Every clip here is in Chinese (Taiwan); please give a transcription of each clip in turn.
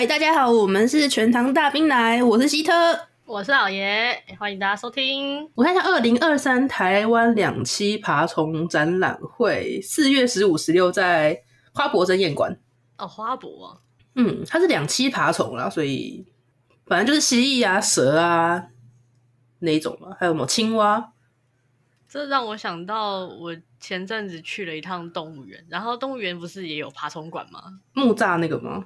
嗨，大家好，我們是全糖大冰奶，我是希特，我是老爺，歡迎大家收聽。我看一下二零二三台灣兩棲爬蟲展覽會，四月十五、十六在花博爭艷館哦，花博啊，嗯，它是兩棲爬蟲啦，所以反正就是蜥蜴啊、蛇啊那一種嘛，還有沒有青蛙？這讓我想到我前陣子去了一趟動物園，然後動物園不是也有爬蟲館嗎？木柵那個嗎？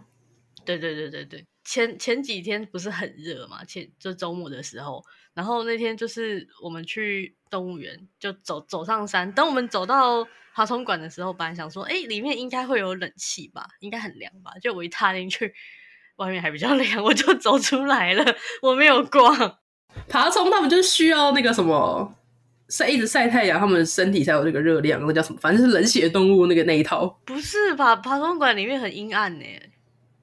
對對對對對，前前幾天不是很熱嘛？前就周末的時候，然後那天就是我們去動物園，就走走上山。等我們走到爬蟲館的時候，本來想說，哎，裡面應該會有冷氣吧，應該很涼吧。就我一踏進去，外面還比較涼，我就走出來了。我沒有逛爬蟲，他們就需要那個什麼曬一直曬太陽，他們身體才有這個熱量。那叫什麼？反正是冷血動物那個那一套。不是吧？爬蟲館裡面很陰暗呢、欸。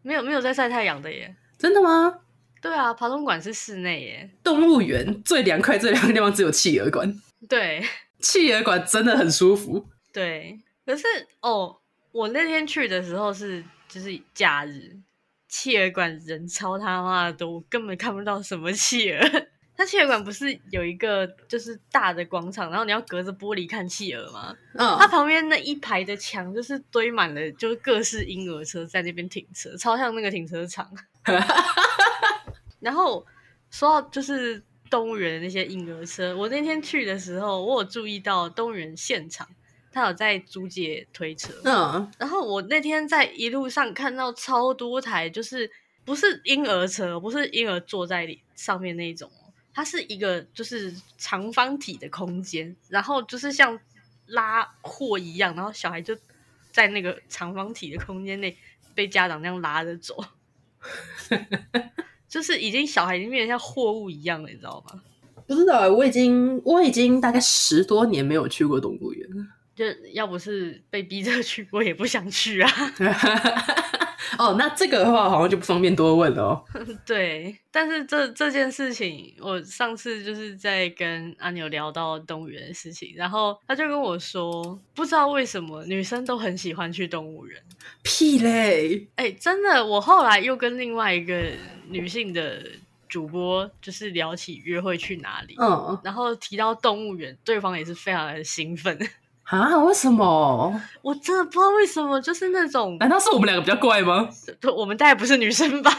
沒有沒有在曬太陽的耶，真的嗎？對啊，爬蟲館是室內耶，動物園最涼快最涼的地方只有企鵝館，對，企鵝館真的很舒服。對，可是哦，我那天去的時候是就是假日，企鵝館人超他媽的多，根本看不到什麼企鵝。那企鵝館不是有一個就是大的廣場，然後你要隔着玻璃看企鵝嗎？嗯、uh.，它旁邊那一排的牆就是堆滿了，就是各式嬰兒車在那邊停車，超像那個停車場。 然後說到就是動物園那些嬰兒車，我那天去的時候，我有注意到動物園現場，他有在租借推車。嗯、uh.，然後我那天在一路上看到超多台，就是不是嬰兒車，不是嬰兒坐在上面那種。它是一個就是長方體的空間，然後就是像拉貨一樣，然後小孩就在那個長方體的空間內被家長那樣拉着走， 就是已經小孩已經變得像貨物一樣了，你知道嗎？不是的，我已經我已經大概十多年沒有去過動物園了，就要不是被逼着去，我也不想去啊。 哦、oh，那這個的話好像就不方便多問了哦。對，但是這這件事情，我上次就是在跟阿牛聊到動物園的事情，然後他就跟我說，不知道為什麼女生都很喜歡去動物園。屁嘞！哎、欸，真的，我後來又跟另外一個女性的主播，就是聊起約會去哪裡，嗯，然後提到動物園，對方也是非常的興奮。啊，為什麼？我真的不知道為什麼，就是那種……啊，難道是我們兩個比較怪嗎？我們大概不是女生吧？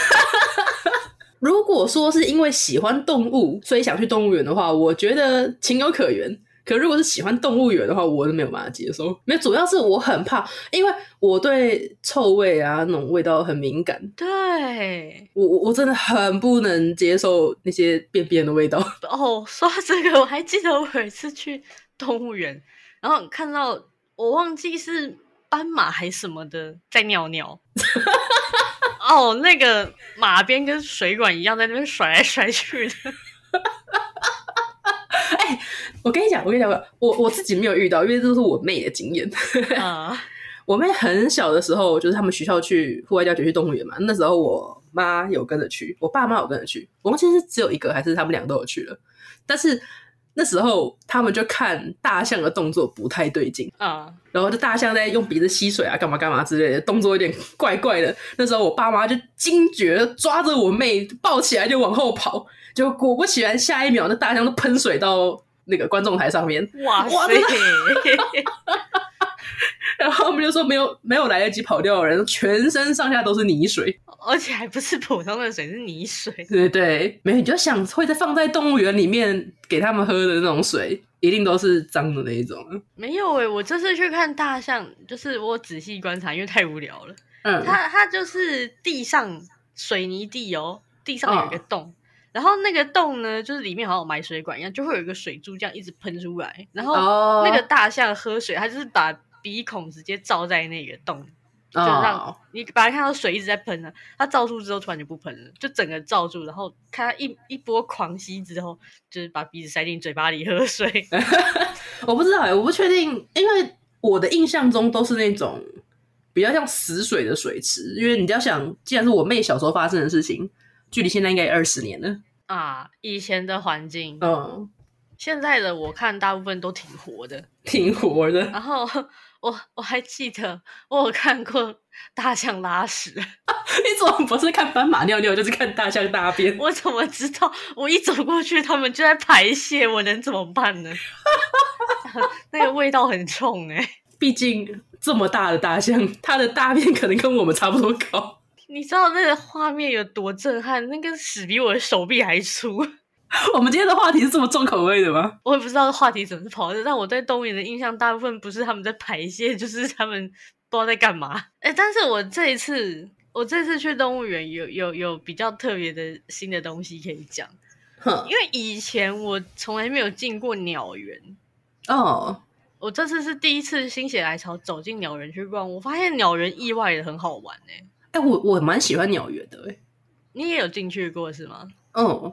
如果說是因為喜歡動物，所以想去動物園的話，我覺得情有可原。可如果是喜歡動物園的話，我都沒有辦法接受，沒有，主要是我很怕，因為我對臭味啊那種味道很敏感。對我，我真的很不能接受那些便便的味道。哦，說到這個，我還記得我有一次去動物園。然後看到我忘記是斑馬還是什麼的在尿尿，哦、 oh,，那個馬鞭跟水管一樣在那邊甩來甩去的。哎 、欸，我跟你講，我跟你講，我我自己沒有遇到，因為這是我妹的經驗。 uh, 我妹很小的時候，就是他們學校去戶外教學去動物園嘛，那時候我媽有跟着去，我爸媽有跟着去。我忘其記是只有一個還是他們兩個都有去了，但是。那時候他們就看大象的動作不太對勁啊，uh. 然後這大象在用鼻子吸水啊，幹嘛幹嘛之類的動作有點怪怪的。那時候我爸媽就驚覺，抓着我妹抱起來就往後跑，就果不其然，下一秒那大象都噴水到那個觀眾台上面，哇塞！哇塞 然後我們就說沒有沒有來得及跑掉的人，全身上下都是泥水，而且還不是普通的水，是泥水。對對，沒有，你就想會在放在動物園裡面給他們喝的那種水，一定都是髒的那一種。沒有哎、欸，我這次去看大象，就是我仔細觀察，因為太無聊了。嗯，它它就是地上水泥地哦，地上有一個洞、哦，然後那個洞呢，就是裡面好像有埋水管一樣，就會有一個水珠這樣一直噴出來，然後那個大象喝水，它就是把。鼻孔直接罩在那個洞，oh. 就讓你把它看到水一直在噴呢、啊，它罩住之後突然就不噴了，就整個罩住，然後看它一一波狂吸之後，就是把鼻子塞進嘴巴裡喝水。 我不知道，我不確定，因為我的印象中都是那種比較像死水的水池，因為你只要想，既然是我妹小時候發生的事情，距離現在應該有二十年了啊。以前的環境，嗯、oh.，現在的我看大部分都挺活的，挺活的，然後。我我還記得我有看過大象拉屎，啊、你怎麼不是看斑馬尿尿，就是看大象大便。我怎麼知道？我一走過去，他們就在排泄，我能怎麼辦呢？ 啊、那個味道很衝哎、欸，畢竟這麼大的大象，它的大便可能跟我們差不多高。你知道那個畫面有多震撼？那個屎比我的手臂還粗。 我們今天的話題是這麼重口味的嗎？我也不知道話題怎麼是跑的，但我對動物園的印象大部分不是他們在排泄，就是他們都在幹嘛、欸。但是我這一次，我這次去動物園有有有比較特別的新的東西可以講，因為以前我從來沒有進過鳥園哦，oh. 我這次是第一次心血來潮走進鳥園去逛，我發現鳥園意外的很好玩哎、欸，哎、欸，我我蠻喜歡鳥園的哎、欸，你也有進去過是嗎？嗯、oh.。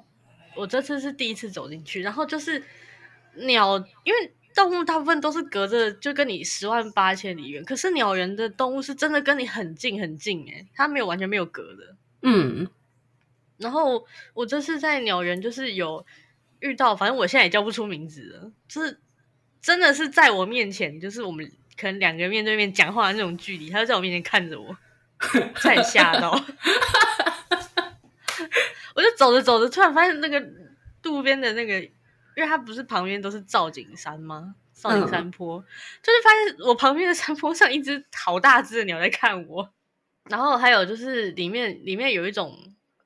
我這次是第一次走進去，然後就是鳥，因為動物大部分都是隔着，就跟你十萬八千里遠。可是鳥園的動物是真的跟你很近很近，欸，誒，它沒有完全沒有隔的。嗯。然後我，我這次在鳥園就是有遇到，反正我現在也叫不出名字了，就是真的是在我面前，就是我們可能兩個人面對面講話的那種距離，它就在我面前看着我，太嚇到。 我就走着走着，突然發現那個渡邊的那個，因為它不是旁邊都是造景山嗎？造景山坡、嗯，就是發現我旁邊的山坡上，一只好大只的鳥在看我。然後還有就是裡面裡面有一種，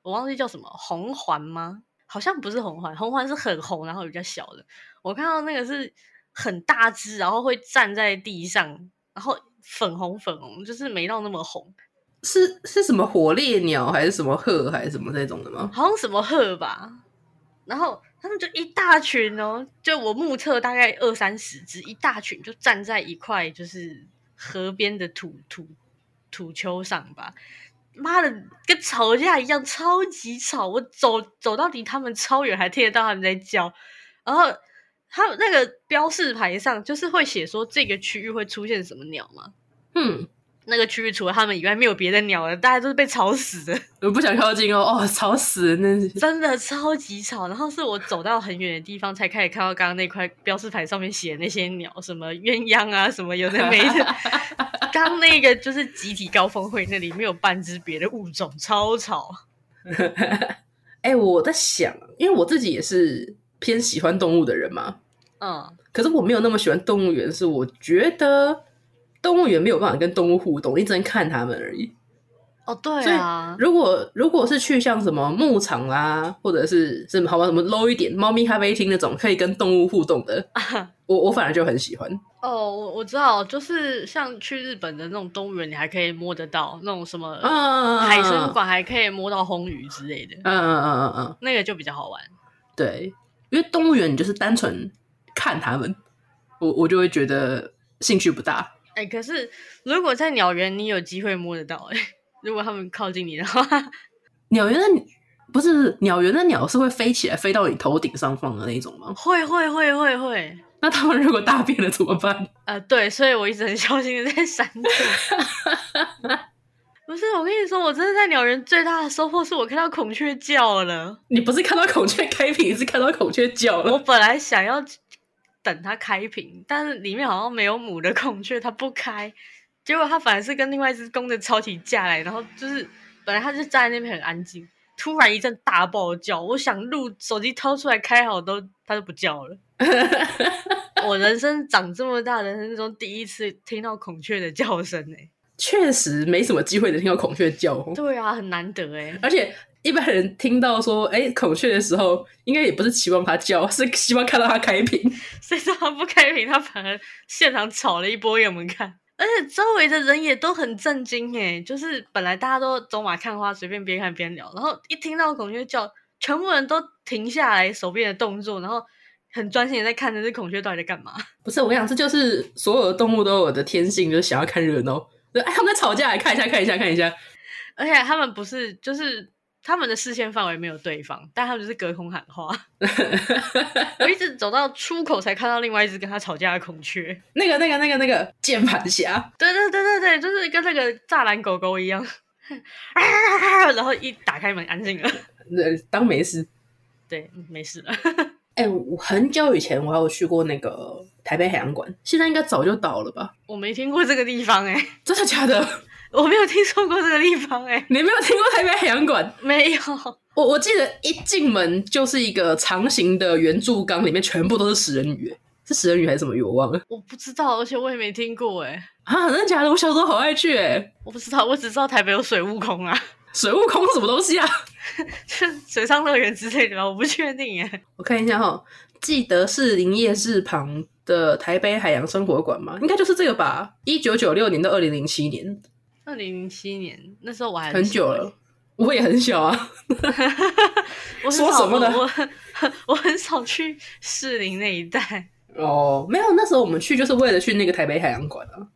我忘記叫什麼，紅環嗎？好像不是紅環，紅環是很紅，然後比較小的。我看到那個是很大只，然後會站在地上，然後粉紅粉紅，就是沒到那麼紅。是是什麼火烈鳥還是什麼鶴還是什麼那種的嗎？好像什麼鶴吧。然後他們就一大群哦，就我目測大概二三十隻，一大群就站在一塊，就是河邊的土土土丘上吧。媽的，跟吵架一樣，超級吵。我走走到底，他們超遠，還聽得到他們在叫。然後他們那個標示牌上就是會寫說這個區域會出現什麼鳥嗎？嗯。那個區域除了他們以外，沒有別的鳥了，大家都是被吵死的。我不想靠近哦， 哦，吵死，那真的超級吵。然後是我走到很遠的地方，才開始看到剛剛那塊標示牌上面寫那些鳥，什麼鴛鴦啊，什麼有的沒的。剛 那個就是集體高峰會，那裡沒有半只別的物種，超吵。哎、 欸，我在想，因為我自己也是偏喜歡動物的人嘛，嗯，可是我沒有那麼喜歡動物園，是我覺得。動物園沒有辦法跟動物互動，你只能看他們而已。哦、oh,，對啊。所以如果如果是去像什麼牧場啦、啊，或者是什麼好玩、什麼 low 一點貓咪咖啡廳那種，可以跟動物互動的， 我我反而就很喜歡。哦，我我知道，就是像去日本的那種動物園，你還可以摸得到那種什麼，嗯嗯嗯，海生館還可以摸到魟魚之類的，嗯嗯嗯嗯嗯，那個就比較好玩。對，因為動物園你就是單純看他們，我我就會覺得興趣不大。哎、欸，可是如果在鳥園，你有機會摸得到哎、欸。如果他們靠近你的話，鳥園的不是鳥園的鳥是會飛起來飛到你頭頂上方的那種嗎？會會會會會。那他們如果大便了怎麼辦？啊、呃，對，所以我一直很小心的在閃躲。 不是，我跟你說，我真的在鳥園最大的收穫是我看到孔雀叫了。你不是看到孔雀開屏，是看到孔雀叫了。我本來想要。等它開屏，但是裡面好像沒有母的孔雀，它不開。結果它反而是跟另外一只公的吵起架來，然後就是本來它就站在那邊很安靜，突然一陣大爆叫。我想錄，手機掏出來開好都它就不叫了。 我人生長這麼大，人生中第一次聽到孔雀的叫聲呢、欸，確實沒什麼機會能聽到孔雀叫、哦嗯、對啊，很難得哎、欸，而且。一般人聽到說“哎、欸、孔雀”的時候，應該也不是期望它叫，是希望看到它開屏。誰知道不開屏，它反而現場吵了一波給我們看，而且周圍的人也都很震驚。哎，就是本來大家都走馬看花，隨便邊看邊聊，然後一聽到孔雀叫，全部人都停下來手邊的動作，然後很專心在看着這孔雀到底在幹嘛。不是，我想這就是所有的動物都有的天性，就是想要看熱鬧。哎、欸，他們在吵架，來看一下，看一下，看一下。而且他們不是就是。他們的視線範圍沒有對方，但他們就是隔空喊話。 我一直走到出口才看到另外一隻跟他吵架的孔雀。那個、那個、那個、那個鍵盤俠。對對對對對，就是跟那個柵欄狗狗一樣。啊！然後一打開門，安靜了。呃，當沒事。對，沒事了。哎、 欸，很久以前我有去過那個台北海洋館，現在應該早就倒了吧？我沒聽過這個地方、欸，哎，真的假的？我沒有聽說過這個地方哎、欸，你沒有聽過台北海洋館？ 沒有，我我記得一進門就是一個長形的圓柱缸，裡面全部都是食人魚哎，是食人魚還是什麼魚？我忘了，我不知道，而且我也沒聽過哎、欸、啊，真假的？我小時候好愛去哎、欸，我不知道，我只知道台北有水悟空啊，水悟空是什麼東西啊？ 水上樂園之類的？我不確定哎，我看一下哈，記得是士林夜市旁的台北海洋生活館嗎？應該就是這個吧，一九九六年到二零零七年。二零零七年，那時候我還很久了，我也很小啊。 我說什麼呢？我我很少去士林那一帶哦。沒有，那時候我們去就是為了去那個台北海洋館啊。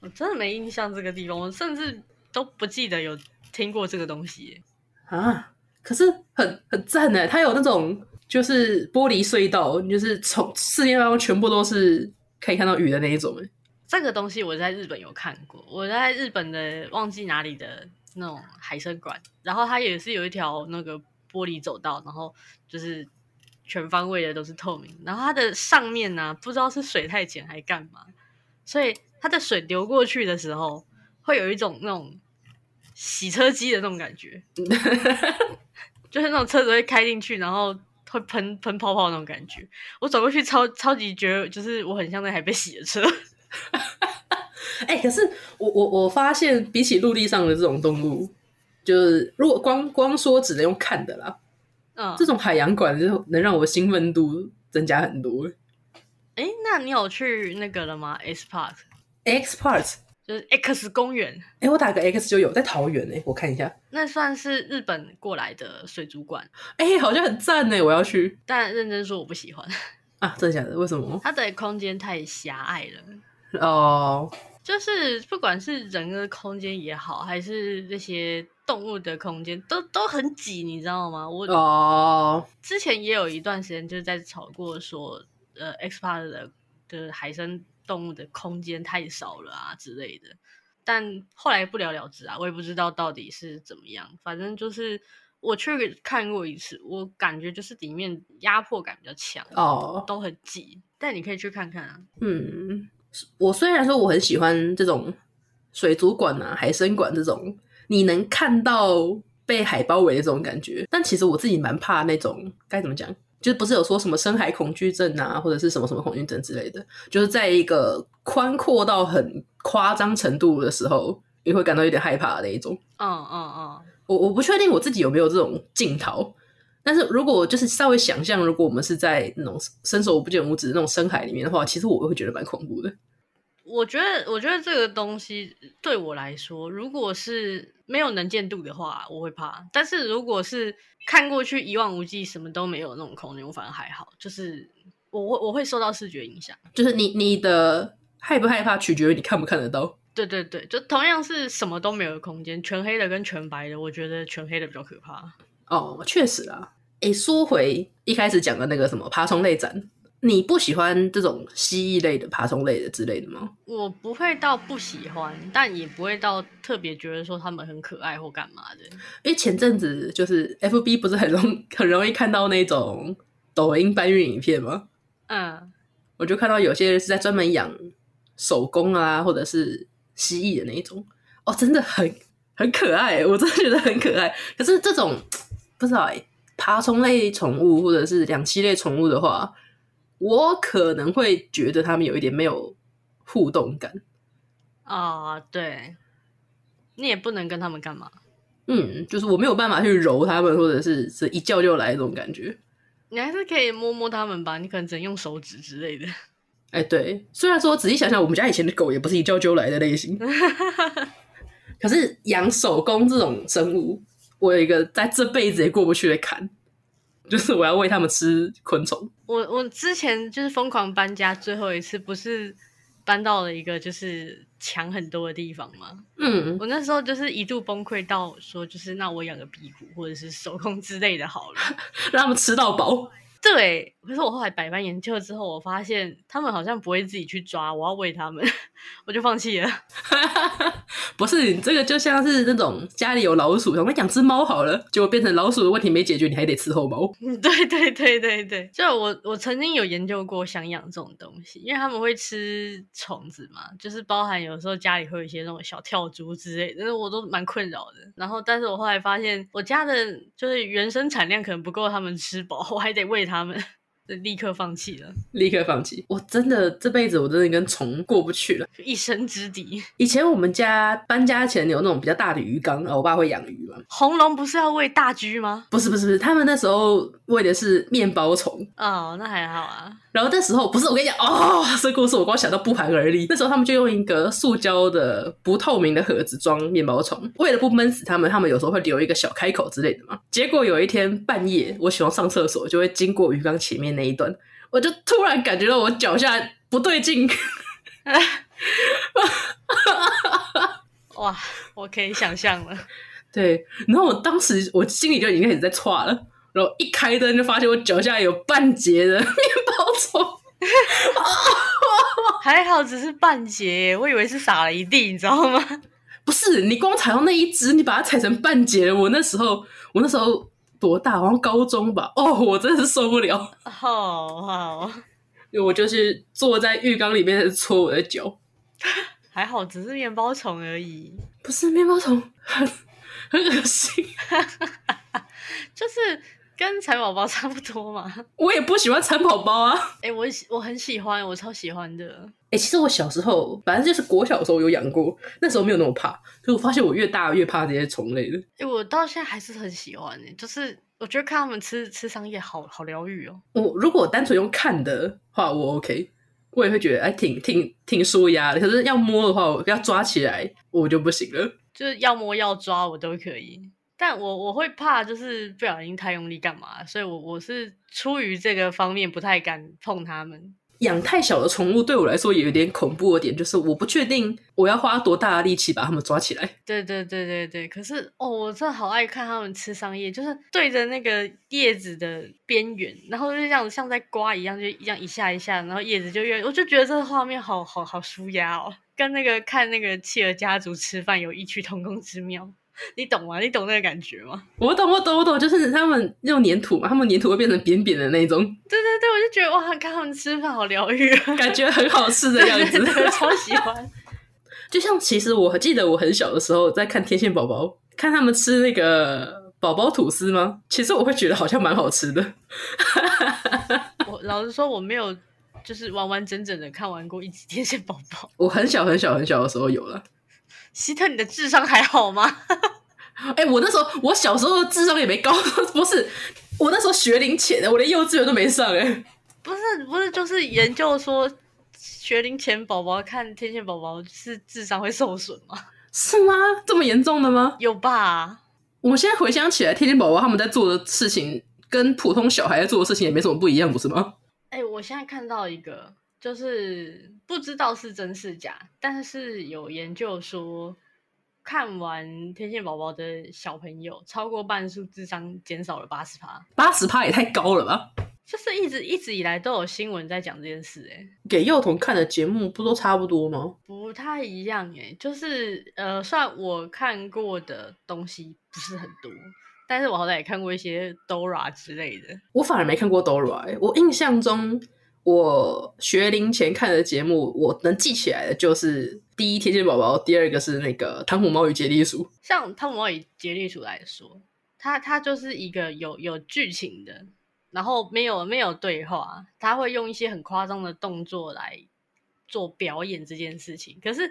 我真的沒印象這個地方，我甚至都不記得有聽過這個東西啊。可是很很讚呢，它有那種就是玻璃隧道，就是從四面八方全部都是可以看到魚的那一種這個東西我在日本有看過，我在日本的忘記哪裡的那種海生館，然後它也是有一條那個玻璃走道，然後就是全方位的都是透明，然後它的上面呢、啊、不知道是水太淺還幹嘛，所以它的水流過去的時候會有一種那種洗車機的那種感覺， 就是那種車子會開進去，然後會噴噴泡泡的那種感覺，我走過去超超級覺得就是我很像那台被洗的車。哎、 欸，可是我我我發現，比起陸地上的這種動物，就是如果光光說只能用看的啦，嗯，這種海洋館就能讓我興奮度增加很多。哎、欸，那你有去那個了嗎 S Park？X Park，X Park 就是 X 公園。哎、欸，我打個 X 就有在桃園哎，我看一下，那算是日本過來的水族館。哎、欸，好像很贊呢，我要去。但認真說，我不喜歡啊，真的假的？為什麼？它的空間太狹隘了。哦、oh.，就是不管是人的空間也好，還是那些動物的空間，都都很擠，你知道嗎？我, oh. 我之前也有一段時間就是在吵過說，說呃，X Park 的的、就是、海生動物的空間太少了啊之類的，但後來不了了之啊，我也不知道到底是怎麼樣。反正就是我去看過一次，我感覺就是裡面壓迫感比較強哦，oh. 都很擠。但你可以去看看啊，嗯、hmm.。我雖然說我很喜歡這種水族館吶、啊、海生館這種，你能看到被海包圍的這種感覺，但其實我自己蠻怕那種該怎麼講，就是不是有說什麼深海恐懼症啊，或者是什麼什麼恐懼症之類的，就是在一個寬闊到很誇張程度的時候，你會感到有點害怕的那一種。嗯嗯嗯，我我不確定我自己有沒有這種鏡頭。但是如果就是稍微想象，如果我們是在那種伸手不見五指的那種深海裡面的話，其實我會覺得蠻恐怖的。我覺得，我覺得這個東西對我來說，如果是沒有能見度的話，我會怕。但是如果是看過去一望無際，什麼都沒有那種空間，我反而還好。就是我，我，會受到視覺影響。就是你，你的害不害怕，取決於你看不看得到。對對對，就同樣是什麼都沒有的空間，全黑的跟全白的，我覺得全黑的比較可怕。哦，確實啊。誒、欸，說回一開始講的那個什麼爬蟲類展，你不喜歡這種蜥蜴類的爬蟲類的之類的嗎？我不會到不喜歡，但也不會到特別覺得說它們很可愛或幹嘛的。因為前陣子就是 FB 不是很容很容易看到那種抖音搬運影片嗎？嗯，我就看到有些人是在專門養手工啊，或者是蜥蜴的那種，哦，真的很很可愛，我真的覺得很可愛。可是這種不知道誒。爬蟲類寵物或者是兩棲類寵物的話，我可能會覺得他們有一點沒有互動感啊、哦。對，你也不能跟他們幹嘛？嗯，就是我沒有辦法去揉他們，或者是是一叫就來這種感覺。你還是可以摸摸他們吧，你可能只能用手指之類的。哎、欸，對，雖然說仔細想想，我們家以前的狗也不是一叫就來的類型。 可是養守宮這種生物。我有一個在這輩子也過不去的坎，就是我要餵他們吃昆蟲。我我之前就是瘋狂搬家，最後一次不是搬到了一個就是強很多的地方嗎？嗯，我那時候就是一度崩潰到說，就是那我養個壁虎或者是守宮之類的好了， 讓他們吃到飽。對、欸，可是我後來百般研究了之後，我發現他們好像不會自己去抓，我要餵他們，我就放棄了。 不是，這個就像是那種家裡有老鼠，我們養隻貓好了，結果變成老鼠的問題沒解決，你還得伺候貓。嗯，對對對對對，就我我曾經有研究過想養這種東西，因為他們會吃蟲子嘛，就是包含有時候家裡會有一些那種小跳蛛之類的，我都蠻困擾的。然後，但是我後來發現我家的就是原生產量可能不夠他們吃飽，我還得餵它他們。就立刻放棄了，立刻放棄！我真的這輩子我真的跟蟲過不去了，一生之敵。以前我們家搬家前有那種比較大的魚缸，我爸會養魚嘛。紅龍不是要餵大蛆嗎？不是不是不是，他們那時候餵的是麵包蟲。哦，那還好啊。然後那時候不是我跟你講哦，這故事我光想到不寒而慄。那時候他們就用一個塑膠的不透明的盒子裝麵包蟲，為了不悶死他們，他們有時候會留一個小開口之類的嘛。結果有一天半夜，我喜歡上廁所，就會經過魚缸前面。那一頓，我就突然感覺到我腳下不對勁，啊、 哇！我可以想象了，對。然後我當時我心裡就已經開始在剉了，然後一開燈就發現我腳下有半截的面包蟲，還好只是半截，我以為是撒了一地，你知道嗎？不是，你光踩到那一只，你把它踩成半截了。我那時候，我那時候。多大？好像高中吧。哦、oh，我真的是受不了。好好，我就是坐在浴缸裡面搓我的腳。還好，只是麵包蟲而已。不是麵包蟲，很很噁心。 就是跟蠶寶寶差不多嘛。我也不喜歡蠶寶寶啊。哎、欸，我我很喜歡，我超喜歡的。欸、其實我小時候，反正就是國小的時候有養過，那時候沒有那麼怕，可我發現我越大越怕這些蟲類了。欸，我到現在還是很喜歡欸，就是我覺得看他們吃吃桑葉，好好療癒哦。我如果我單純用看的話，我 OK，我也會覺得哎、欸，挺挺挺舒壓的。可是要摸的話，我要抓起來我就不行了。就是要摸要抓我都可以，但我我會怕，就是不小心太用力幹嘛，所以我我是出於這個方面不太敢碰他們。養太小的寵物對我來說也有點恐怖的點，就是我不確定我要花多大的力氣把它們抓起來。對對對對對，可是哦，我真的好愛看他們吃桑葉，就是對着那個葉子的邊緣，然後就這樣子像在刮一樣，就一樣一下一下，然後葉子就越，我就覺得這個畫面好好好舒壓哦，跟那個看那個企鵝家族吃飯有異曲同工之妙。你懂嗎？你懂那個感覺嗎？我懂，我懂，我懂，就是他們用黏土嘛，他們黏土會變成扁扁的那種。對對對，我就覺得哇，看他們吃飯好療癒啊，感覺很好吃的樣子，對對對，超喜歡。 就像其實我記得我很小的時候在看《天線寶寶》，看他們吃那個寶寶吐司嗎？其實我會覺得好像蠻好吃的。 我老實說，我沒有就是完完整整的看完過一集《天線寶寶》。我很小很小很小的時候有了。希特，你的智商還好嗎？哎、 欸，我那時候我小時候智商也沒高，不是，我那時候學齡前，我連幼稚園都沒上哎、欸。不是，不是，就是研究說學齡前寶寶看天線寶寶是智商會受損嗎？是嗎？這麼嚴重的嗎？有吧、啊？我現在回想起來，天線寶寶他們在做的事情跟普通小孩在做的事情也沒什麼不一樣，不是嗎？哎、欸，我現在看到一個。就是不知道是真是假，但是有研究說，看完天線寶寶的小朋友，超過半數智商減少了八十趴，八十趴也太高了吧？就是一直一直以來都有新聞在講這件事、欸，哎，給幼童看的節目不都差不多嗎？不太一樣、欸，哎，就是呃，算我看過的東西不是很多，但是我好歹也看過一些 Dora 之類的，我反而沒看過 Dora、欸、我印象中。我學齡前看的節目，我能記起來的就是第一天線寶寶，第二個是那個湯姆貓與傑利鼠。像湯姆貓與傑利鼠來說，它它就是一個有有劇情的，然後沒有沒有對話，他會用一些很誇張的動作來做表演這件事情。可是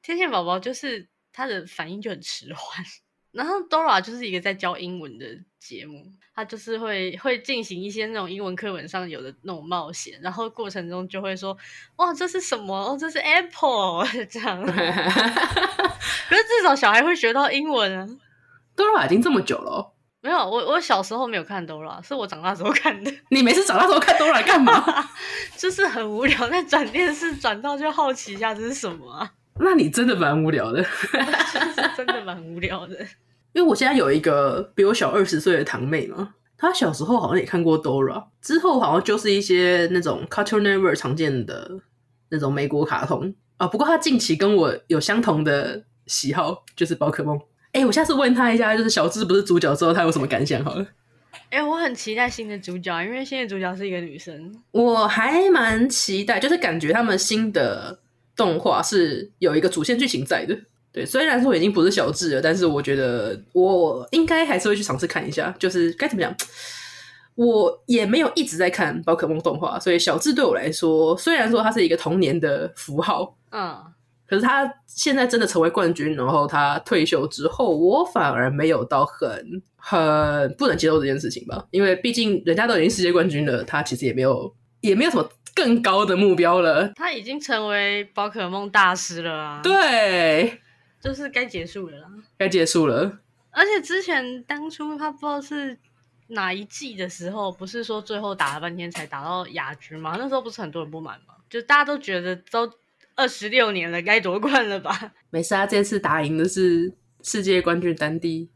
天線寶寶就是他的反應就很遲緩，然後 Dora 就是一個在教英文的。節目，他就是會會進行一些那種英文課本上有的那種冒險，然後過程中就會說，哇，這是什麼？哦，這是 Apple 這樣，啊。 可是至少小孩會學到英文啊。哆啦 A 夢已經這麼久了。哦，沒有，我我小時候沒有看哆啦，是我長大時候看的。 你每次長大時候看哆啦幹嘛？ 就是很無聊，那轉電視轉到就好奇一下這是什麼。啊。 那你真的蠻無聊的。 是真的蠻無聊的。因為我現在有一個比我小二十歲的堂妹嘛，她小時候好像也看過 Dora，之後好像就是一些那種 Cartoon Network 常見的那種美國卡通啊。不過她近期跟我有相同的喜好，就是寶可夢。哎、欸，我下次問她一下，就是小智不是主角之後，她有什麼感想？好了，哎、欸，我很期待新的主角，因為新的主角是一個女生。我還蠻期待，就是感覺他們新的動畫是有一個主線劇情在的。對，雖然說已經不是小智了，但是我覺得我應該還是會去嘗試看一下。就是該怎麼講，我也沒有一直在看寶可夢動畫，所以小智對我來說，雖然說他是一個童年的符號，嗯，可是他現在真的成為冠軍，然後他退休之後，我反而沒有到很很不能接受這件事情吧。因為畢竟人家都已經世界冠軍了，他其實也沒有也沒有什麼更高的目標了。他已經成為寶可夢大師了啊！對。就是該結束了啦，該結束了。而且之前當初他不知道是哪一季的時候，不是說最後打了半天才打到亞軍嗎？那時候不是很多人不滿嗎？就大家都覺得都二十六年了，該奪冠了吧？沒事啊，這次打贏的是世界冠軍丹帝，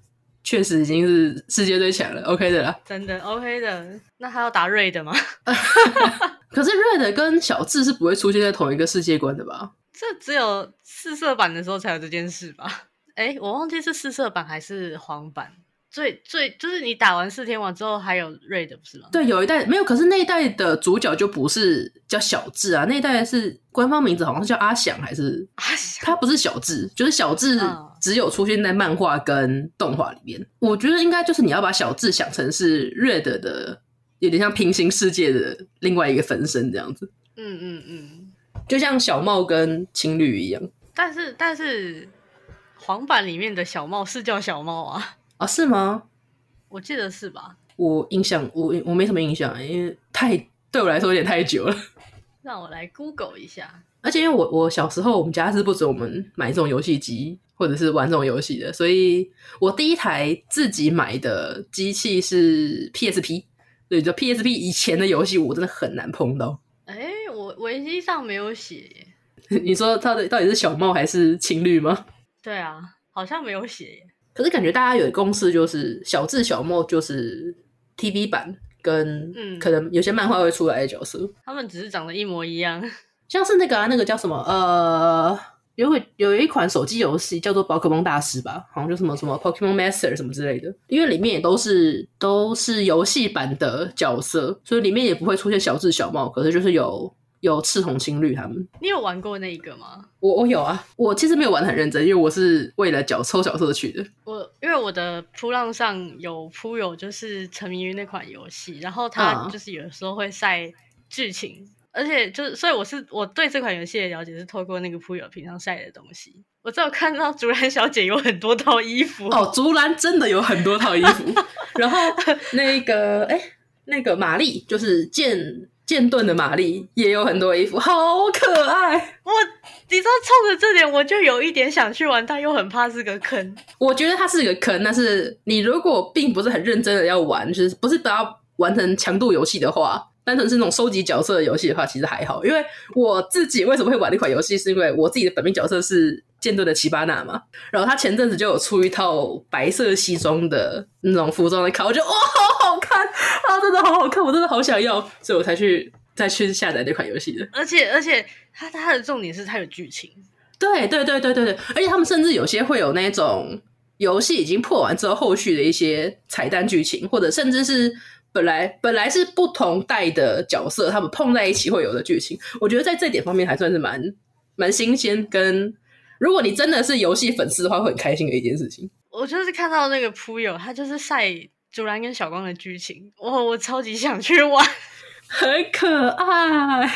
確實已經是世界最強了，OK 的啦。真的 OK 的，那還要打 Red 的嗎？ 可是 Red 跟小智是不會出現在同一個世界觀的吧？這只有四色版的時候才有這件事吧？哎，我忘記是四色版還是黃版。最最就是你打完四天王之後，還有 Red 不是嗎？對，有一代沒有，可是那一代的主角就不是叫小智啊，那一代是官方名字好像叫阿翔還是阿祥？他不是小智，就是小智只有出現在漫畫跟動畫裡面。啊，我覺得應該就是你要把小智想成是 Red 的，有點像平行世界的另外一個分身這樣子。嗯嗯嗯。嗯就像小茂跟情侶一樣，但是但是，黃版裡面的小茂是叫小茂啊？啊，是嗎？我記得是吧？我印象我我沒什麼印象，因為太對我來說有點太久了。讓我來 Google 一下。而且因為我我小時候我們家是不准我們買這種遊戲機或者是玩這種遊戲的，所以我第一台自己買的機器是 PSP，對，就 PSP 以前的遊戲我真的很難碰到。維基上沒有寫耶， 你說他的到底是小茂還是青綠嗎？對啊，好像沒有寫耶。可是感覺大家有一個共識就是小智、小茂就是 TV 版跟嗯，可能有些漫畫會出來的角色、嗯，他們只是長得一模一樣。像是那個、啊、那個叫什麼呃，有會有一款手機遊戲叫做寶可夢大師吧，好像就什麼什麼 Pokemon Master 什麼之類的，因為裡面也都是都是遊戲版的角色，所以裡面也不會出現小智小、小茂可是就是有。有赤紅青綠，他們你有玩過那一個嗎？我我有啊，我其實沒有玩得很認真，因為我是為了角抽角色去的。我因為我的噗浪上有噗友，就是沉迷於那款遊戲，然後他就是有的時候會曬劇情、啊，而且，就是所以我是我對這款遊戲的了解是透過那個噗友平常曬的東西。我只有看到竹蘭小姐有很多套衣服哦，竹蘭真的有很多套衣服。 然後那個哎、 欸，那個瑪麗就是見劍盾的瑪麗也有很多衣服，好可愛！我，你知道，衝着這點，我就有一點想去玩，但又很怕是個坑。我覺得它是個坑，但是你如果並不是很認真的要玩，就是不是都要完成強度遊戲的話。單純是那種收集角色的遊戲的話，其實還好。因為我自己為什麼會玩那款遊戲，是因為我自己的本命角色是艦隊的奇巴納嘛。然後他前陣子就有出一套白色西裝的那種服裝的卡，我覺得哇、哦，好好看啊，真的好好看，我真的好想要，所以我才去再去下載那款遊戲的。而且，而且，它它的重點是它有劇情。對對對對對對，而且他們甚至有些會有那種遊戲已經破完之後，後續的一些彩蛋劇情，或者甚至是。本來本來是不同代的角色，他們碰在一起會有的劇情，我覺得在這點方面還算是蠻蠻新鮮。跟如果你真的是遊戲粉絲的話，會很開心的一件事情。我就是看到那個噗友，他就是曬竹蘭跟小光的劇情，我、哦、我超級想去玩，很可愛，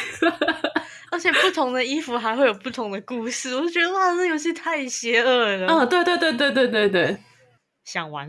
而且不同的衣服還會有不同的故事。我覺得哇，這遊戲太邪惡了！啊、哦，對，對對對對對對對，想玩，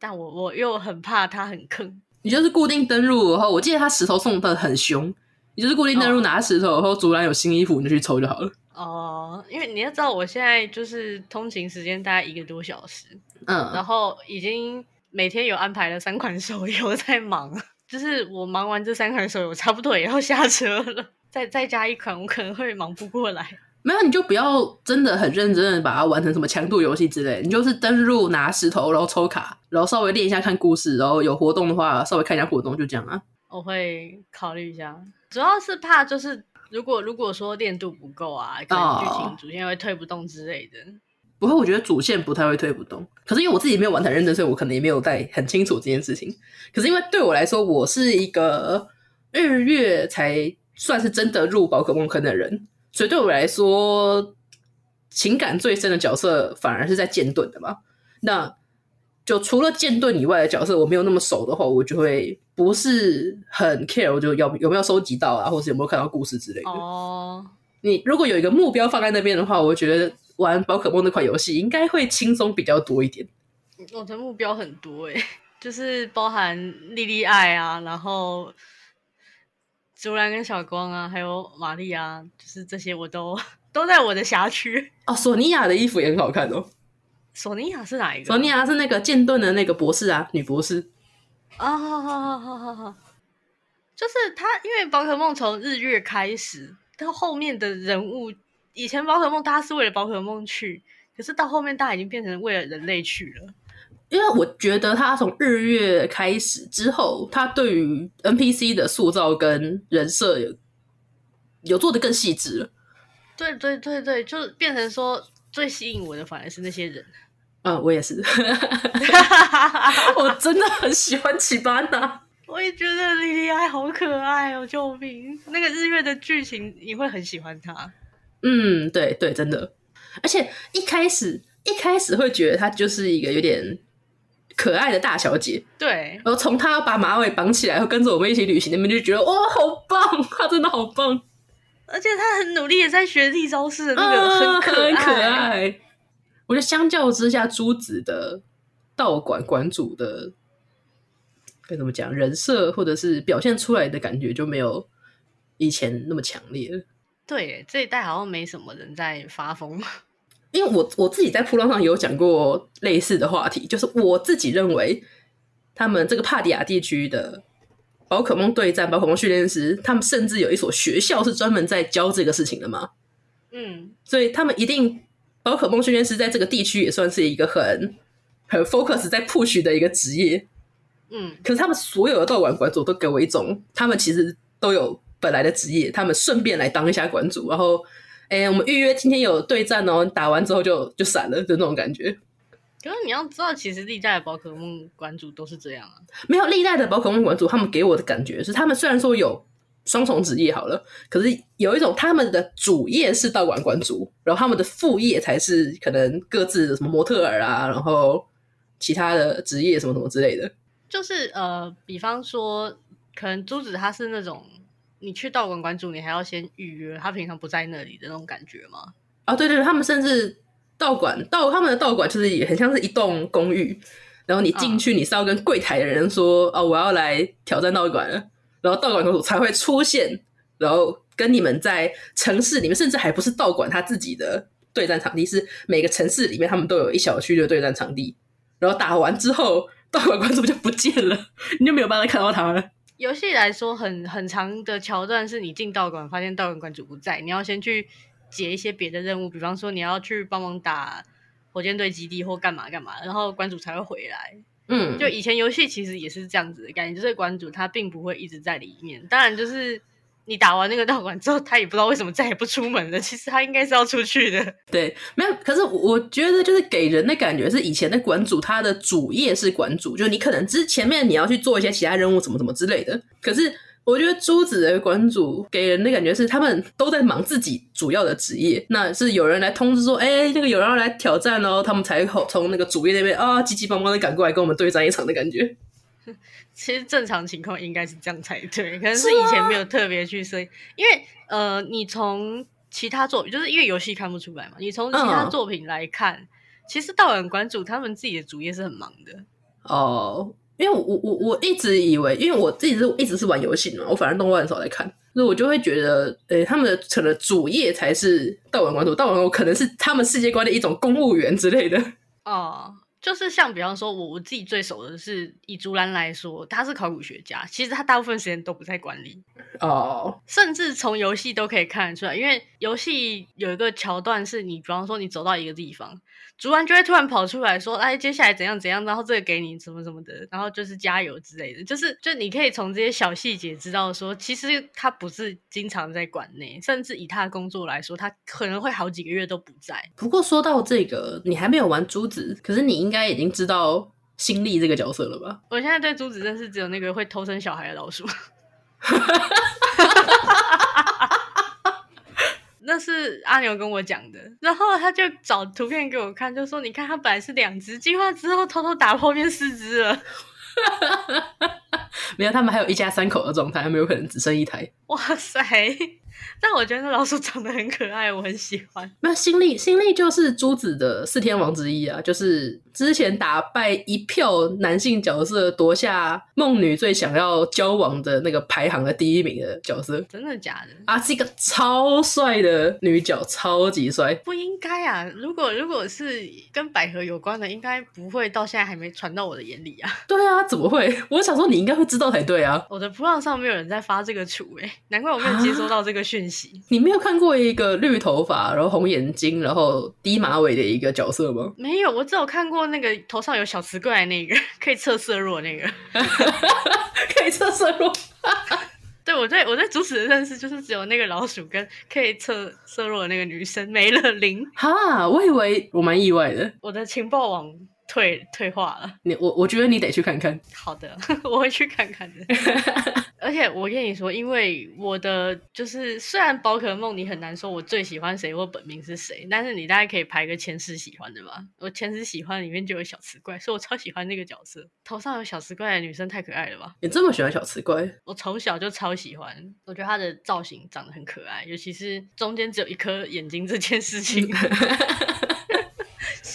但我我又很怕他很坑。你就是固定登入，然後我記得他石頭送的很兇。你就是固定登入拿石頭，然後竹籃有新衣服你就去抽就好了。哦、oh，因為你要知道我現在就是通勤時間大概一個多小時，嗯、oh，然後已經每天有安排了三款手遊在忙，就是我忙完這三款手遊，差不多也要下車了。 再再加一款，我可能會忙不過來。沒有，你就不要真的很認真的把它玩成什麼強度遊戲之類，你就是登入拿石頭，然後抽卡，然後稍微練一下看故事，然後有活動的話稍微看一下活動，就這樣啊。我會考慮一下，主要是怕就是如果如果說練度不夠啊，可能劇情主線會推不動之類的。哦、不會，我覺得主線不太會推不動。可是因為我自己沒有玩很認真，所以我可能也沒有帶很清楚這件事情。可是因為對我來說，我是一個日月才算是真的入寶可夢坑的人。所以對我來說，情感最深的角色反而是在劍盾的嘛。那就除了劍盾以外的角色，我沒有那麼熟的話，我就會不是很 care，我就要有沒有收集到啊，或是有沒有看到故事之類的。哦、oh.，你如果有一個目標放在那邊的話，我覺得玩寶可夢那款遊戲應該會輕鬆比較多一點。我的目標很多誒，就是包含莉莉愛啊，然後。竹蘭跟小光啊，還有瑪麗啊，就是這些我都都在我的轄區。哦，索尼婭的衣服也很好看哦。索尼婭是哪一個？索尼婭是那個劍盾的那個博士啊，女博士。啊，好好好好好，就是他，因為寶可夢從日月開始到後面的人物，以前寶可夢大家是為了寶可夢去，可是到後面大家已經變成為了人類去了。因為我覺得他從日月開始之後，他對於 NPC 的塑造跟人設有有做得更細緻了。對對對對，就變成說最吸引我的反而是那些人。嗯，我也是， 我真的很喜歡奇巴娜。我也覺得莉莉埃好可愛哦，救命！那個日月的劇情你會很喜歡他。嗯，對對，真的。而且一開始一開始會覺得他就是一個有點。可愛的大小姐，對，然後從她把馬尾綁起來，然後跟着我們一起旅行，那邊就覺得哇，好棒，她真的好棒，而且她很努力也在學歷招式那個、啊很可愛，很可愛。我覺得相較之下，朱紫的道館館主的該怎麼講人設，或者是表現出來的感覺就沒有以前那麼強烈了。對，這一代好像沒什麼人在發瘋。因為我我自己在噗浪上有講過類似的話題，就是我自己認為他們這個帕迪亞地區的寶可夢對戰、寶可夢訓練師，他們甚至有一所學校是專門在教這個事情的嘛。嗯，所以他們一定寶可夢訓練師在這個地區也算是一個很很 focus 在 push 的一個職業。嗯，可是他們所有的道館館主都給我一種，他們其實都有本來的職業，他們順便來當一下館主，然後。哎、欸，我們預約今天有對戰哦，打完之後就就散了，就那種感覺。可是你要知道，其實歷代的寶可夢館主都是這樣啊。沒有歷代的寶可夢館主，他們給我的感覺是，他們雖然說有雙重職業好了，可是有一種他們的主業是道館館主，然後他們的副業才是可能各自的什麼模特兒啊，然後其他的職業什麼什麼之類的。就是呃，比方說，可能珠子他是那種。你去道館館主，你還要先預約，他平常不在那裡的那種感覺嗎？啊、哦，對對對，他們甚至道館道他們的道館就是也很像是一棟公寓，然後你進去，你是要跟櫃台的人說、啊，哦，我要來挑戰道館，然後道館館主才會出現，然後跟你們在城市裡面，甚至還不是道館他自己的對戰場地，是每個城市裡面他們都有一小區的對戰場地，然後打完之後，道館館主就不見了， 你就沒有辦法看到他了。遊戲來說很很長的橋段是你進道館發現道館館主不在，你要先去解一些別的任務，比方說你要去幫忙打火箭隊基地或幹嘛幹嘛，然後館主才會回來。嗯，就以前遊戲其實也是這樣子的感覺，就是館主他並不會一直在裡面，當然就是。你打完那個道館之後，他也不知道為什麼再也不出門了。其實他應該是要出去的。對，沒有。可是我，我覺得，就是給人的感覺是，以前的館主他的主業是館主，就你可能之前面你要去做一些其他任務，怎麼怎麼之類的。可是我覺得朱紫的館主給人的感覺是，他們都在忙自己主要的職業。那是有人來通知說，哎，那個有人要來挑戰哦，他們才從那個主業那邊啊，哦，急急忙忙的趕過來跟我們對戰一場的感覺。其實正常情況應該是這樣才對，可能是以前沒有特別去說，因為呃，你從其他作品，就是因為遊戲看不出來嘛，你從其他作品來看，嗯、其實道館館主他們自己的主業是很忙的哦，因為我我我一直以為，因為我自己是一直是玩遊戲嘛，我反而動畫很少來看，所以我就會覺得，呃、欸，他們成了主業才是道館館主，道館館主可能是他們世界觀的一種公務員之類的哦。就是像比方說我，我我自己最熟的是以竹蘭來說，他是考古學家，其實他大部分時間都不在館裡哦，oh. 甚至從遊戲都可以看得出來，因為遊戲有一個橋段是你，比方說你走到一個地方。煮完就會突然跑出來說：“哎，接下來怎樣怎樣？然後這個給你什麼什麼的，然後就是加油之類的。就是，就你可以從這些小細節知道說，說其實他不是經常在館內，甚至以他的工作來說，他可能會好幾個月都不在。不過說到這個，你還沒有玩珠子，可是你應該已經知道新力這個角色了吧？我現在對珠子認識只有那個會偷生小孩的老鼠。 ” 那是阿牛跟我講的，然後他就找圖片給我看，就說：“你看，它本來是兩隻，進化之後偷偷打破變四只了。 ”沒有，他們還有一家三口的狀態，沒有可能只剩一台。哇塞！但我覺得那老鼠長得很可愛，我很喜歡。那辛俐辛俐就是朱紫的四天王之一啊，就是之前打敗一票男性角色，奪下夢女最想要交往的那個排行的第一名的角色。真的假的？啊，是一個超帥的女角，超級帥。不應該啊，如果如果是跟百合有關的，應該不會到現在還沒傳到我的眼裡啊。對啊，怎麼會？我想說你應該會知道才對啊。我的噗浪上沒有人在發這個圖，誒，難怪我沒有接收到這個。訊息，你沒有看過一個綠頭髮，然後紅眼睛，然後低馬尾的一個角色嗎？沒有，我只有看過那個頭上有小磁怪，那個，可以測色弱那個， 可以測色弱。 對我在，在我，在主持人的認識就是只有那個老鼠跟可以測色弱的那個女生沒了零。哈，我以為，我蠻意外的，我的情報網退退化了，你我我覺得你得去看看。好的，我會去看看的。 而且我跟你說，因為我的就是雖然寶可夢你很難說我最喜歡誰或本名是誰，但是你大概可以排個前十喜歡的吧。我前十喜歡裡面就有小磁怪，所以我超喜歡那個角色。頭上有小磁怪的女生太可愛了吧！你這麼喜歡小磁怪？我從小就超喜歡，我覺得她的造型長得很可愛，尤其是中間只有一顆眼睛這件事情。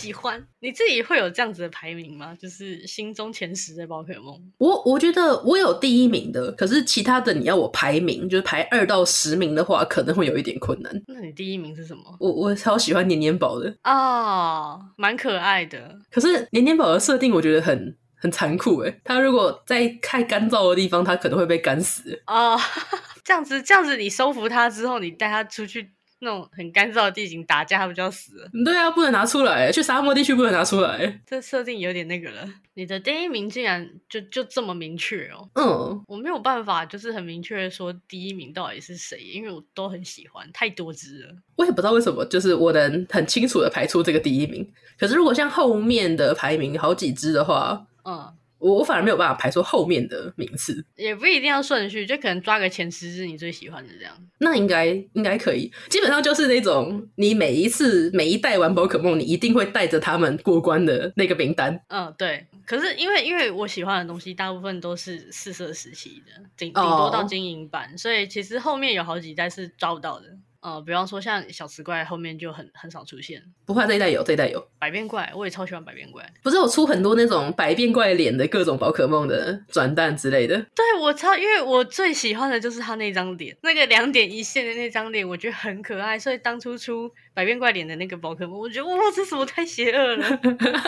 喜歡你自己會有這樣子的排名嗎？就是心中前十的寶可夢，我我覺得我有第一名的，可是其他的你要我排名，就是排二到十名的話，可能會有一點困難。那你第一名是什麼？我我超喜歡黏黏寶的啊，oh, 蠻可愛的。可是黏黏寶的設定我覺得很很殘酷哎，它如果在太乾燥的地方，它可能會被乾死哦、oh。 這樣子這樣子，你收服它之後，你帶它出去。那種很乾燥的地形打架，他不就要死了。對啊，不能拿出來，去沙漠地區不能拿出來。嗯，這設定有點那個了。你的第一名竟然就就這麼明確哦、喔？嗯，我沒有辦法，就是很明確的說第一名到底是誰，因為我都很喜歡，太多只了。我也不知道為什麼，就是我能很清楚的排出這個第一名。可是如果像後面的排名好幾隻的話，嗯。我我反而沒有辦法排出後面的名次，也不一定要順序，就可能抓個前十是你最喜歡的這樣。那應該應該可以，基本上就是那種你每一次每一代玩寶可夢，你一定會帶着他們過關的那個名單。嗯，對。可是因為因為我喜歡的東西大部分都是四色時期的，頂頂多到金銀版，哦，所以其實後面有好幾代是抓不到的。呃，比方說像小磁怪後面就很很少出現，不怕這一代有，這一代有百變怪，我也超喜歡百變怪，不是我出很多那種百變怪臉的各種寶可夢的轉蛋之類的，對我超，因為我最喜歡的就是他那張臉，那個兩點一線的那張臉，我覺得很可愛，所以當初出百變怪臉的那個寶可夢，我覺得哇，這什麼太邪惡了！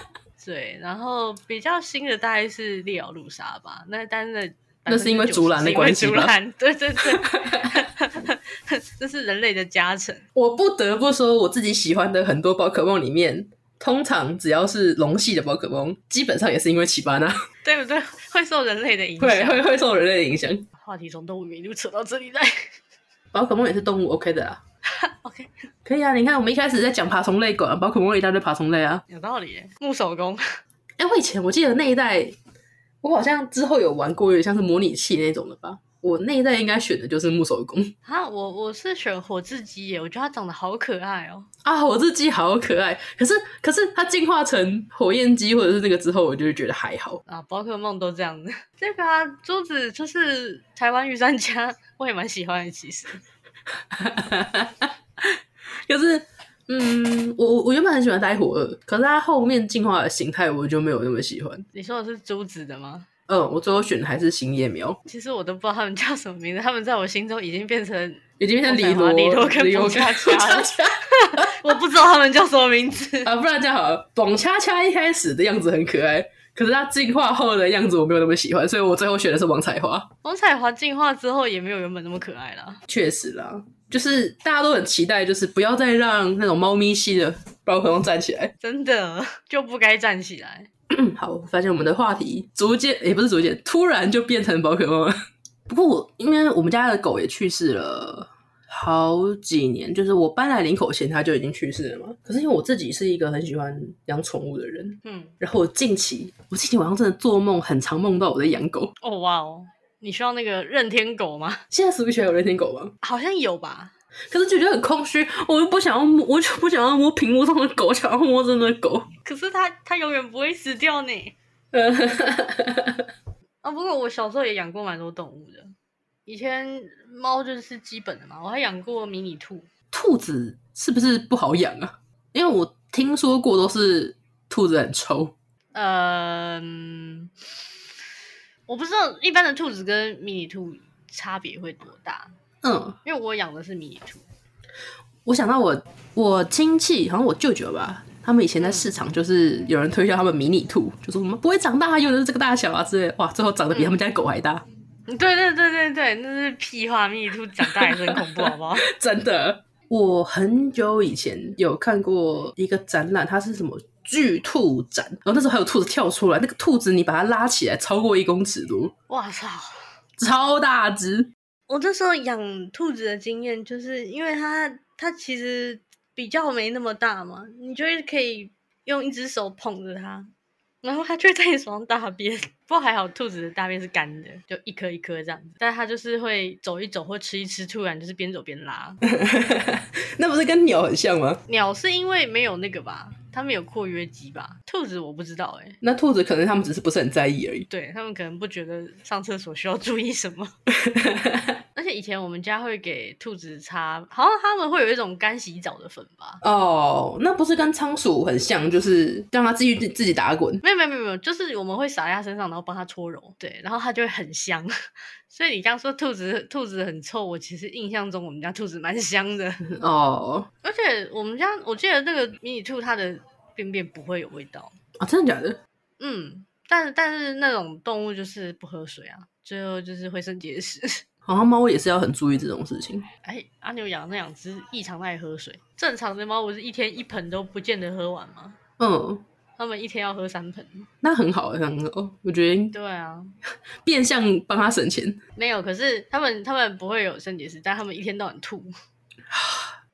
對，然後比較新的大概是烈咬陸鯊吧，那單的。那是因為竹籃的關係嗎？竹？對對對， 這是人類的加成。我不得不說，我自己喜歡的很多寶可夢裡面，通常只要是龍系的寶可夢，基本上也是因為奇巴納，對不對？會受人類的影響， 會會受人類的影響。話題從動物名都扯到這一代，寶 可夢也是動物，OK 的啦。 OK，可以啊。你看，我們一開始在講爬蟲類館，寶可夢一大堆爬蟲類啊，有道理。木手工，哎、欸，我以前我記得那一代。我好像之後有玩過，有點像是模擬器那種的吧。我那代應該選的就是木守宮。啊，我我是選火稚雞耶，我覺得它長得好可愛哦、喔。啊，火稚雞好可愛，可是可是它進化成火焰雞或者是那個之後，我就覺得還好啊。寶可夢都這樣子。這個、啊、桌子就是台灣御三家，我也蠻喜歡的，其實。 就是嗯，我。很喜歡呆火鱷，可是它後面進化的形態，我就沒有那麼喜歡。你說的是珠子的嗎？嗯，我最後選的還是新葉喵。其實我都不知道他們叫什麼名字，他們在我心中已經變成已經變成李多、李頭跟王恰恰。 我不知道他們叫什麼名字啊，不然這樣好了。王恰恰一開始的樣子很可愛，可是它進化後的樣子我沒有那麼喜歡，所以我最後選的是王彩華。王彩華進化之後也沒有原本那麼可愛啦，確實啦。就是大家都很期待，就是不要再讓那種貓咪系的寶可夢站起來，真的就不該站起來 好，發現我們的話題逐漸也、欸、不是逐漸，突然就變成寶可夢了。 不過我因為我們家的狗也去世了好幾年，就是我搬來林口前它就已經去世了嘛。可是因為我自己是一個很喜歡養寵物的人，嗯，然後我近期我近期晚上真的做夢，很常夢到我在養狗。哦哇哦。你需要那個任天狗嗎？現在是不是有任天狗嗎？好像有吧，可是就覺得很空虛，我又不想要摸，我就不想要摸屏幕上的狗，想要摸真的狗。可是它它永遠不會死掉呢。啊 、哦，不過我小時候也養過蠻多動物的，以前貓就是基本的嘛，我還養過迷你兔。兔子是不是不好養啊？因為我聽說過都是兔子很臭。嗯。我不知道一般的兔子跟迷你兔差別會多大？嗯，因為我養的是迷你兔。我想到我我親戚，好像我舅舅吧，他們以前在市場，就是有人推銷他們迷你兔，就說我們不會長大，用的是這個大小啊之類。哇，最後長得比他們家的狗還大。對、嗯、對對對對，那是屁話，迷你兔長大也是很恐怖，好不好？ 真的，我很久以前有看過一個展覽，它是什麼？巨兔展，然後那時候還有兔子跳出來，那個兔子你把它拉起來超過一公尺多，哇操，超大只！我那時候養兔子的經驗就是，因為它它其實比較沒那麼大嘛，你就是可以用一只手捧着它，然後它就在你手上大便。不過還好，兔子的大便是乾的，就一顆一顆這樣子。但是它就是會走一走或吃一吃，突然就是邊走邊拉。 那不是跟鳥很像嗎？鳥是因為沒有那個吧。他們有括約肌吧？兔子我不知道哎、欸。那兔子可能他們只是不是很在意而已。對，他們可能不覺得上廁所需要注意什麼。 以前我們家會給兔子擦，好像他們會有一種乾洗澡的粉吧？哦、oh,，那不是跟倉鼠很像，就是讓它自己自己打滾？沒有沒有沒有沒有，就是我們會撒在它身上，然後幫它搓揉。對，然後它就會很香。 所以你剛剛說兔子兔子很臭，我其實印象中我們家兔子蠻香的。哦、oh.，而且我們家我記得那個迷你兔，它的便便不會有味道啊？Oh, 真的假的？嗯，但但是那種動物就是不喝水啊，最後就是會生結石。好像貓也是要很注意這種事情。哎，阿牛養的那兩隻異常愛喝水，正常的貓不是一天一盆都不見得喝完嗎？嗯，他們一天要喝三盆，那很好啊，欸，我覺得。對啊，變相幫他省錢。沒有，可是他們他們不會有腎結石，但他們一天到晚吐。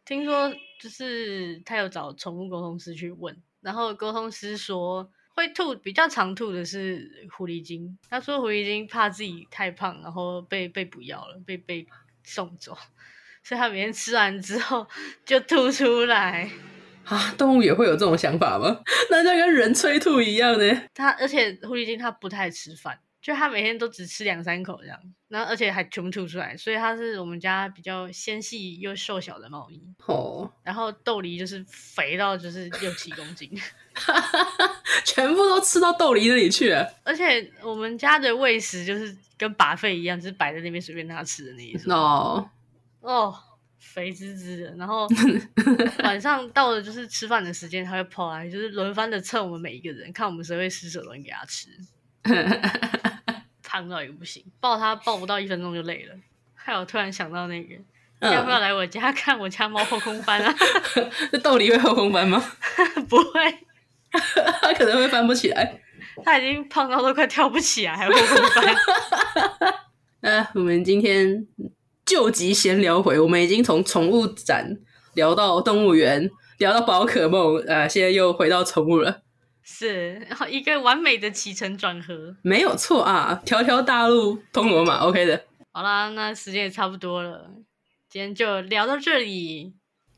聽說就是他有找寵物溝通師去問，然後溝通師說。會吐比較常吐的是狐狸精，他說狐狸精怕自己太胖，然後被被不要了，被被送走，所以他每天吃完之後就吐出來。啊，動物也會有這種想法嗎？那就跟人催吐一樣呢。他而且狐狸精他不太吃飯。就他每天都只吃兩三口這樣，然後而且還全部吐出來，所以他是我們家比較纖細又瘦小的貓咪。哦、oh.。然後豆梨就是肥到就是六七公斤， 全部都吃到豆梨這裡去了。而且我們家的餵食就是跟 buffet 一樣，就是擺在那邊隨便讓它吃的那一種。哦。哦，肥滋滋的。然後 晚上到了就是吃飯的時間，他會跑來就是輪番的蹭我們每一個人，看我們誰會施捨東西給他吃。 胖到也不行，抱他抱不到一分鐘就累了。害我突然想到那個、嗯，要不要來我家看我家貓後空翻啊？這到底會後空翻嗎？ 不會，它 可能會翻不起來。它已經胖到都快跳不起來，還會後空翻？ 呃，我們今天就急閒聊會，我們已經從寵物展聊到動物園，聊到寶可夢，呃，現在又回到寵物了。是，然後一個完美的起承轉合，沒有錯啊，條條大路通羅馬，OK 的。 好啦，那時間也差不多了，今天就聊到這裡，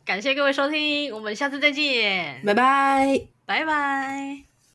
感謝各位收聽，我們下次再見，拜拜，拜拜。